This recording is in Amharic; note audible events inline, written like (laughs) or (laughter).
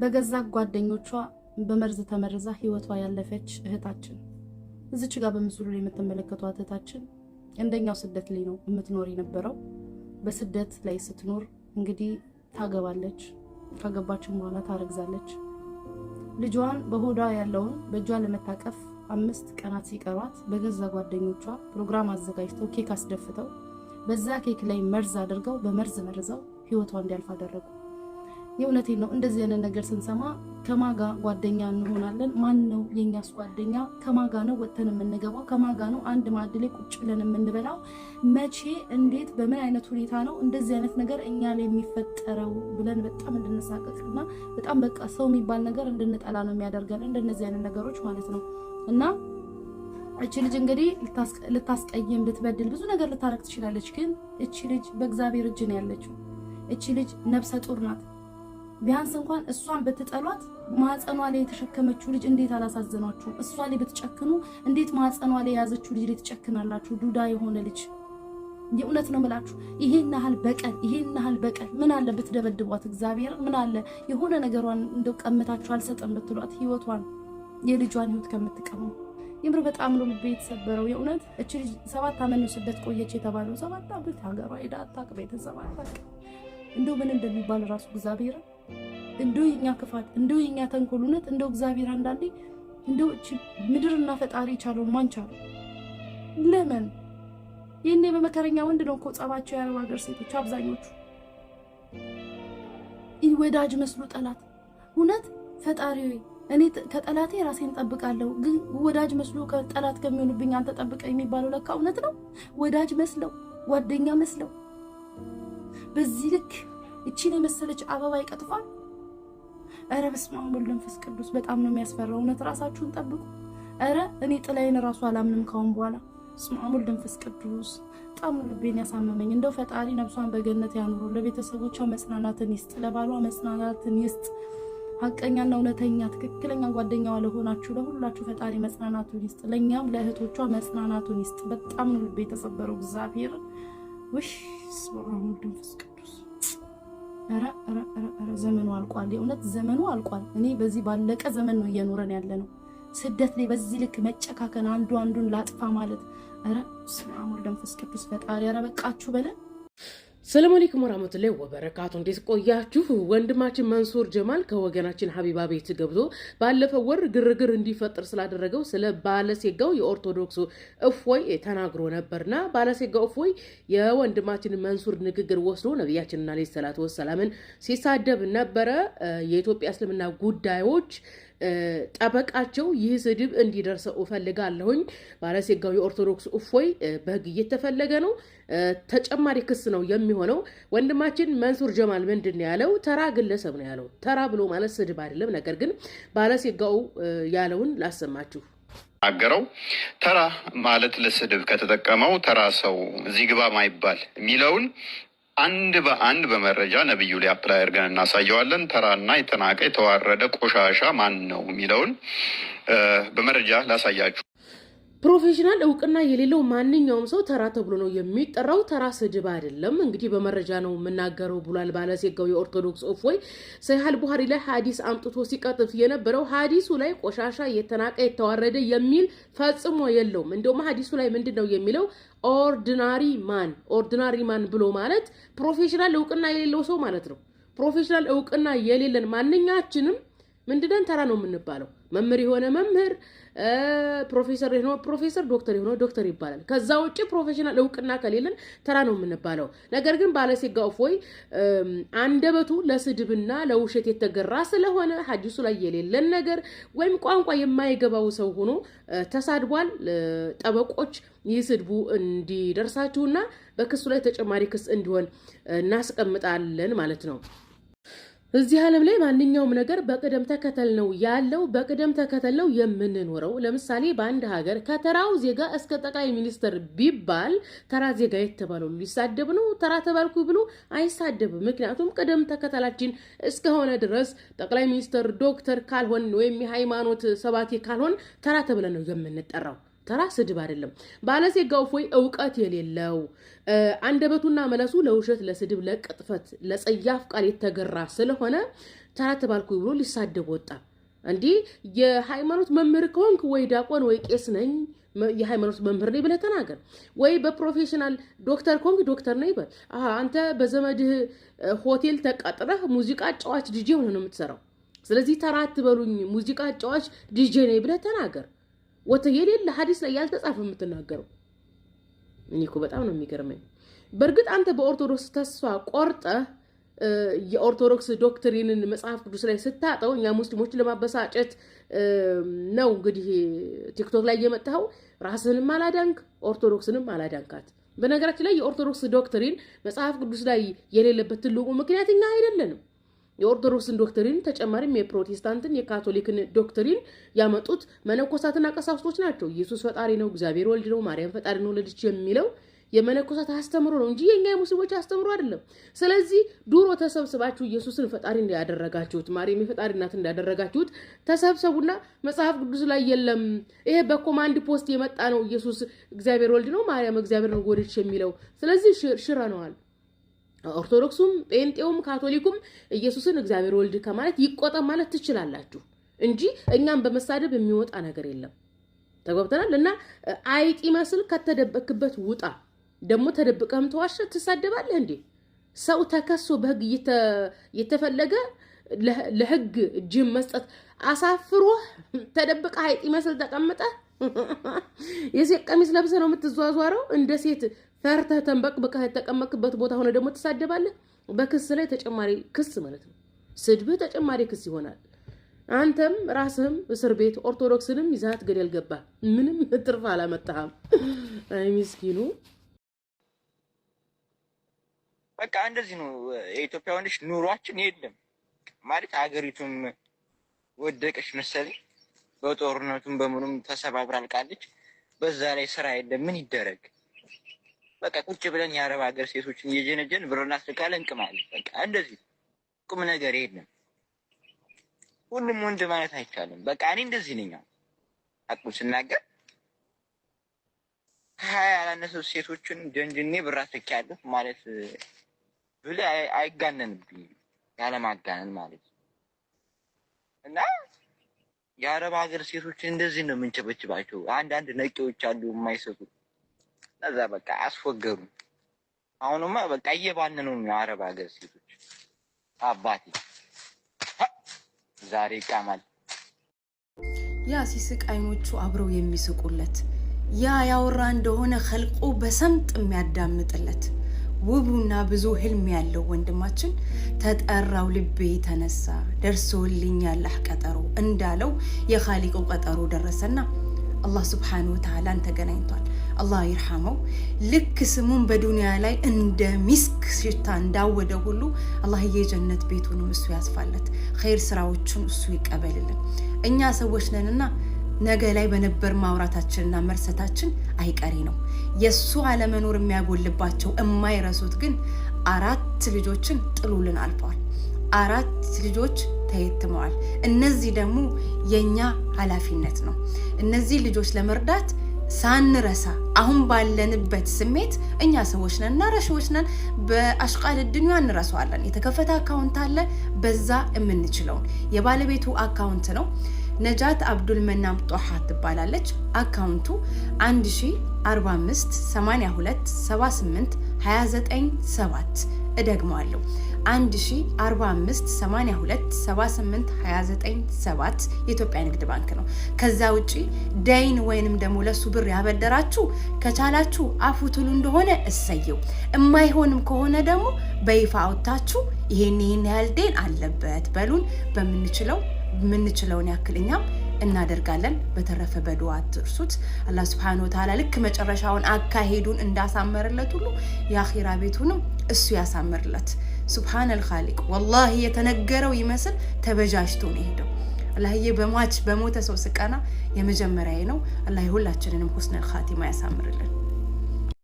በገዛ ጓደኞቿ በመርዝ ተመርዛ ህይወቷ ያለፈች እህታችን እዚች ጋር በምስሉ ላይ የምትመለከቷት እህታችን እንደኛው ስደት ላይ ነው የምትኖር የነበረው። በስደት ላይ ስትኖር እንግዲህ ታገባለች። ካገባችን በኋላ ታረግዛለች። ልጇን በሆዷ ያለውን በእጇ ለመታቀፍ አምስት ቀናት ሲቀሯት በገዛ ጓደኞቿ ፕሮግራም አዘጋጅተው ኬክ አስደፍተው በዛ ኬክ ላይ መርዝ አድርገው በመርዝ መርዘው ህይወቷ እንዲያልፍ አደረጉ። የእውነቴ ነው። እንደዚህ አይነት ነገር ስንሰማ ከማጋ ጓደኛ እንሆናለን? ማን ነው የኛስ ጓደኛ? ከማጋ ነው ወጥተን የምንገባው? ከማጋ ነው አንድ ማዕድ ላይ ቁጭ ብለን የምንበላው? መቼ፣ እንዴት፣ በምን አይነት ሁኔታ ነው እንደዚህ አይነት ነገር እኛ ላይ የሚፈጠረው ብለን በጣም እንድንሳቀቅ እና በጣም በቃ ሰው የሚባል ነገር እንድንጠላ ነው የሚያደርገን እንደነዚህ አይነት ነገሮች ማለት ነው እና እቺ ልጅ እንግዲህ ልታስቀይም ልትበድል ብዙ ነገር ልታረግ ትችላለች። ግን እቺ ልጅ በእግዚአብሔር እጅ ነው ያለችው። እቺ ልጅ ነብሰ ጡር ናት። ቢያንስ እንኳን እሷን በተጠሏት ማህፀኗ ላይ የተሸከመችው ልጅ እንዴት አላሳዘኗችሁም? እሷ ላይ በተጨክኑ እንዴት ማህፀኗ ላይ የያዘችው ልጅ ላይ ትጨክናላችሁ? ዱዳ የሆነ ልጅ የእውነት ነው ምላችሁ። ይሄን ያህል በቀል ይሄን ያህል በቀል ምን አለ ብትደበድቧት? እግዚአብሔር ምን አለ የሆነ ነገሯን እንደው ቀምታችሁ አልሰጠም ብትሏት ህይወቷን የልጇን ህይወት ከምትቀሙ የምር በጣም ነው ልቤ የተሰበረው። የእውነት እች ልጅ ሰባት ዓመት ነው ስደት ቆየች የተባለው ሰባት ዓመት ሀገሯ ሄዳ አታውቅ፣ ቤተሰብ አታውቅ። እንደው ምን እንደሚባል ራሱ እግዚአብሔር እንደው የኛ ክፋት እንደው የኛ ተንኮል እውነት እንደው እግዚአብሔር አንዳንዴ እንደው ምድርና ፈጣሪ ቻለውን ማን ቻለው? ለምን ይህኔ በመከረኛ ወንድ ነው እኮ ጸባቸው የአረብ ሀገር ሴቶች አብዛኞቹ ወዳጅ መስሎ ጠላት። እውነት ፈጣሪ እኔ ከጠላቴ ራሴን ጠብቃለሁ፣ ግን ወዳጅ መስሎ ከጠላት ከሚሆንብኝ አንተ ጠብቀ የሚባለው ለካ እውነት ነው። ወዳጅ መስለው ጓደኛ መስለው በዚህ ልክ እቺን የመሰለች አበባ ይቀጥፏል። ኧረ በስመ አብ ወወልድ ወመንፈስ ቅዱስ በጣም ነው የሚያስፈራው። እውነት ራሳችሁን ጠብቁ። እረ እኔ ጥላዬን ራሱ አላምንም ካሁን በኋላ። በስመ አብ ወወልድ ወመንፈስ ቅዱስ በጣም ልቤን ያሳመመኝ። እንደው ፈጣሪ ነብሷን በገነት ያኑሩ፣ ለቤተሰቦቿ መጽናናትን ይስጥ፣ ለባሏ መጽናናትን ይስጥ። ሀቀኛና እውነተኛ ትክክለኛ ጓደኛዋ ለሆናችሁ ለሁላችሁ ፈጣሪ መጽናናቱን ይስጥ። ለእኛም ለእህቶቿ መጽናናቱን ይስጥ። በጣም ነው ልቤ የተሰበረው እግዚአብሔር ውሽ ስራ ዘመኑ አልቋል። የእውነት ዘመኑ አልቋል። እኔ በዚህ ባለቀ ዘመን ነው እየኖረን ያለ ነው። ስደት ላይ በዚህ ልክ መጨካከን፣ አንዱ አንዱን ላጥፋ ማለት ረ ስማሙር መንፈስ ቅዱስ ፈጣሪ ያረበቃችሁ በለን ሰላም አለይኩም ወራህመቱላሂ ወበረካቱ። እንዴት ቆያችሁ? ወንድማችን መንሱር ጀማል ከወገናችን ሀቢባ ቤት ገብቶ ባለፈው ወር ግርግር እንዲፈጥር ስላደረገው ስለ ባለሴጋው የኦርቶዶክሱ እፎይ ተናግሮ ነበርና ባለሴጋው እፎይ የወንድማችን መንሱር ንግግር ወስዶ ነቢያችንና አለይሂ ሰላት ወሰላምን ሲሳደብ ነበረ። የኢትዮጵያ እስልምና ጉዳዮች ጠበቃቸው ይህ ስድብ እንዲደርሰው እፈልጋለሁኝ። ባለሴጋዊ ኦርቶዶክስ እፎይ በህግ እየተፈለገ ነው። ተጨማሪ ክስ ነው የሚሆነው። ወንድማችን መንሱር ጀማል ምንድን ያለው? ተራ ግለሰብ ነው ያለው። ተራ ብሎ ማለት ስድብ አይደለም። ነገር ግን ባለሴጋው ያለውን ላሰማችሁ ናገረው ተራ ማለት ለስድብ ከተጠቀመው ተራ ሰው እዚህ ግባ ማይባል የሚለውን አንድ በአንድ በመረጃ ነቢዩ ላይ አፕላይ አድርገን እናሳየዋለን። ተራና የተናቀ የተዋረደ ቆሻሻ ማን ነው የሚለውን በመረጃ ላሳያችሁ። ፕሮፌሽናል እውቅና የሌለው ማንኛውም ሰው ተራ ተብሎ ነው የሚጠራው። ተራ ስድብ አይደለም። እንግዲህ በመረጃ ነው የምናገረው ብሏል ባለሴጋው የኦርቶዶክስ እፎይ። ሰይሃል ቡሃሪ ላይ ሀዲስ አምጥቶ ሲቀጥፍ የነበረው ሀዲሱ ላይ ቆሻሻ የተናቀ የተዋረደ የሚል ፈጽሞ የለውም። እንደውም ሀዲሱ ላይ ምንድን ነው የሚለው? ኦርዲናሪ ማን ኦርዲናሪ ማን ብሎ ማለት ፕሮፌሽናል እውቅና የሌለው ሰው ማለት ነው። ፕሮፌሽናል እውቅና የሌለን ማንኛችንም ምንድነን ተራ ነው የምንባለው። መምህር የሆነ መምህር፣ ፕሮፌሰር የሆነ ፕሮፌሰር፣ ዶክተር የሆነ ዶክተር ይባላል። ከዛ ውጭ ፕሮፌሽናል እውቅና ከሌለን ተራ ነው የምንባለው። ነገር ግን ባለሴጋ እፎይ አንደበቱ ለስድብና ለውሸት የተገራ ስለሆነ ሀዲሱ ላይ የሌለን ነገር ወይም ቋንቋ የማይገባው ሰው ሆኖ ተሳድቧል። ጠበቆች ይህ ስድቡ እንዲደርሳችሁና በክሱ ላይ ተጨማሪ ክስ እንዲሆን እናስቀምጣለን ማለት ነው። እዚህ ዓለም ላይ ማንኛውም ነገር በቅደም ተከተል ነው ያለው። በቅደም ተከተል ነው የምንኖረው። ለምሳሌ በአንድ ሀገር ከተራው ዜጋ እስከ ጠቅላይ ሚኒስትር ቢባል ተራ ዜጋ የተባለው ሊሳደብ ነው? ተራ ተባልኩ ብሎ አይሳደብም። ምክንያቱም ቅደም ተከተላችን እስከሆነ ድረስ ጠቅላይ ሚኒስትር፣ ዶክተር ካልሆን ወይም የሃይማኖት ሰባቴ ካልሆን ተራ ተብለን ነው የምንጠራው። ተራ ስድብ አይደለም። ባለሴጋው እፎይ እውቀት የሌለው አንደበቱና መለሱ ለውሸት፣ ለስድብ፣ ለቅጥፈት፣ ለጸያፍ ቃል የተገራ ስለሆነ ተራ ባልኩ ብሎ ሊሳደብ ወጣ። እንዲህ የሃይማኖት መምህር ከሆንክ ወይ ዲያቆን ወይ ቄስ ነኝ የሃይማኖት መምህር ነኝ ብለህ ተናገር። ወይ በፕሮፌሽናል ዶክተር ከሆንክ ዶክተር ነኝ በል። አንተ በዘመድህ ሆቴል ተቀጥረህ ሙዚቃ ጫዋች ዲጄ ሆነ ነው የምትሰራው። ስለዚህ ተራ አትበሉኝ ሙዚቃ ጫዋች ዲጄ ነኝ ብለህ ተናገር። ወተ የሌለ ሀዲስ ላይ ያልተጻፈ የምትናገረው። እኔ እኮ በጣም ነው የሚገርመኝ። በእርግጥ አንተ በኦርቶዶክስ ተስፋ ቆርጠ የኦርቶዶክስ ዶክትሪንን መጽሐፍ ቅዱስ ላይ ስታጠው እኛ ሙስሊሞችን ለማበሳጨት ነው እንግዲህ ቲክቶክ ላይ እየመጣኸው ራስህንም አላዳንክ ኦርቶዶክስንም አላዳንካት። በነገራችን ላይ የኦርቶዶክስ ዶክትሪን መጽሐፍ ቅዱስ ላይ የሌለበት ትልቁ ምክንያት እኛ አይደለንም። የኦርቶዶክስን ዶክትሪን ተጨማሪም የፕሮቴስታንትን የካቶሊክን ዶክትሪን ያመጡት መነኮሳትና ቀሳውስቶች ናቸው። ኢየሱስ ፈጣሪ ነው፣ እግዚአብሔር ወልድ ነው፣ ማርያም ፈጣሪ ነው ወለደች የሚለው የመነኮሳት አስተምሮ ነው እንጂ የኛ የሙስሊሞች አስተምሮ አይደለም። ስለዚህ ድሮ ተሰብስባችሁ ኢየሱስን ፈጣሪ እንዳደረጋችሁት ማርያም የፈጣሪ እናት እንዳደረጋችሁት ተሰብሰቡና መጽሐፍ ቅዱስ ላይ የለም ይሄ በኮማንድ ፖስት የመጣ ነው። ኢየሱስ እግዚአብሔር ወልድ ነው፣ ማርያም እግዚአብሔር ነው ወለደች የሚለው ስለዚህ ሽረነዋል። ኦርቶዶክሱም ጴንጤውም ካቶሊኩም ኢየሱስን እግዚአብሔር ወልድ ከማለት ይቆጠብ ማለት ትችላላችሁ እንጂ እኛም በመሳደብ የሚወጣ ነገር የለም። ተጓብተናል እና አይጢ መስል ከተደበክበት ውጣ። ደግሞ ተደብቀህም ተዋሸ ትሳደባለህ እንዴ? ሰው ተከሶ በህግ የተፈለገ ለህግ እጅም መስጠት አሳፍሮህ ተደብቀህ አይጢ መስል ተቀምጠህ (laughs) የሴት ቀሚስ ለብሰ ነው የምትዟዟረው። እንደ ሴት ፈርተህ ተንበቅብቀህ የተቀመጥክበት ቦታ ሆነ ደግሞ ትሳደባለህ። በክስ ላይ ተጨማሪ ክስ ማለት ነው። ስድብህ ተጨማሪ ክስ ይሆናል። አንተም ራስህም እስር ቤት ኦርቶዶክስንም ይዛት ገደል ገባ። ምንም ትርፍ አላመጣህም። አይ ምስኪኑ። በቃ እንደዚህ ነው የኢትዮጵያ ወንዶች ኑሯችን። የለም ማለት አገሪቱም ወደቀች መሰለኝ በጦርነቱም በምኑም ተሰባብራ አልቃለች። በዛ ላይ ስራ የለም። ምን ይደረግ? በቃ ቁጭ ብለን የአረብ ሀገር ሴቶችን እየጀነጀን ብር እናስልካለን፣ እንቅማለን። በቃ እንደዚህ ቁም ነገር የለም። ሁሉም ወንድ ማለት አይቻልም። በቃ እኔ እንደዚህ ነኝ። አቁ ስናገር ከሀያ ያላነሰ ሴቶችን ጀንጅኔ ብር አስልኪያለሁ ማለት ብለህ አይጋነንብኝም። ያለማጋነን ማለት እና የአረብ ሀገር ሴቶች እንደዚህ ነው የምንጨበጭባቸው። አንዳንድ ነቂዎች አሉ የማይሰጡ እዛ በቃ አስወገሩ። አሁንማ በቃ እየባነኑ ነው የአረብ ሀገር ሴቶች። አባቴ ዛሬ ይቃማል። ያ ሲስቅ አይኖቹ አብረው የሚስቁለት ያ ያወራ እንደሆነ ከልቆ በሰምጥ የሚያዳምጥለት ውቡና ብዙ ህልም ያለው ወንድማችን ተጠራው ልቤ ተነሳ ደርሶልኛል ቀጠሮ እንዳለው የኻሊቁ ቀጠሮ ደረሰና አላህ ስብሓን ወተዓላን ተገናኝቷል። አላህ ይርሐመው። ልክ ስሙን በዱንያ ላይ እንደ ሚስክ ሽታ እንዳወደ ሁሉ አላህ የጀነት ቤቱንም እሱ ያስፋለት፣ ኸይር ስራዎቹን እሱ ይቀበልልን። እኛ ሰዎች ነንና ነገ ላይ በነበር ማውራታችንና መርሰታችን አይቀሬ ነው። የእሱ አለመኖር የሚያጎልባቸው የማይረሱት ግን አራት ልጆችን ጥሉልን አልፈዋል። አራት ልጆች ተየትመዋል። እነዚህ ደግሞ የእኛ ኃላፊነት ነው። እነዚህ ልጆች ለመርዳት ሳንረሳ አሁን ባለንበት ስሜት እኛ ሰዎች ነን እና ረሺዎች ነን። በአሽቃል ድንያ እንረሳዋለን። የተከፈተ አካውንት አለ። በዛ የምንችለውን የባለቤቱ አካውንት ነው ነጃት አብዱል መናም ጦሃ ትባላለች። አካውንቱ 1045 82 78 እደግመዋለሁ 1458278297 የኢትዮጵያ ንግድ ባንክ ነው። ከዛ ውጪ ደይን ወይንም ደግሞ ለሱ ብር ያበደራችሁ ከቻላችሁ አፉ ትሉ እንደሆነ እሰየው፣ እማይሆንም ከሆነ ደግሞ በይፋ አውታችሁ ይሄን ይሄን ያህል ደይን አለበት በሉን በምንችለው የምንችለውን ያክል እኛም እናደርጋለን። በተረፈ በዱዓ አትርሱት። አላህ ስብሐነ ወተዓላ ልክ መጨረሻውን አካሄዱን እንዳሳመርለት ሁሉ የአኺራ ቤቱንም እሱ ያሳምርለት። ሱብሃነል ኻሊቅ ወላሂ የተነገረው ይመስል ተበጃጅቶ ነው የሄደው። አላህዬ በሟች በሞተ ሰው ስቀና የመጀመሪያዬ ነው። አላህ የሁላችንንም ሁስነል ኻቲማ ያሳምርልን።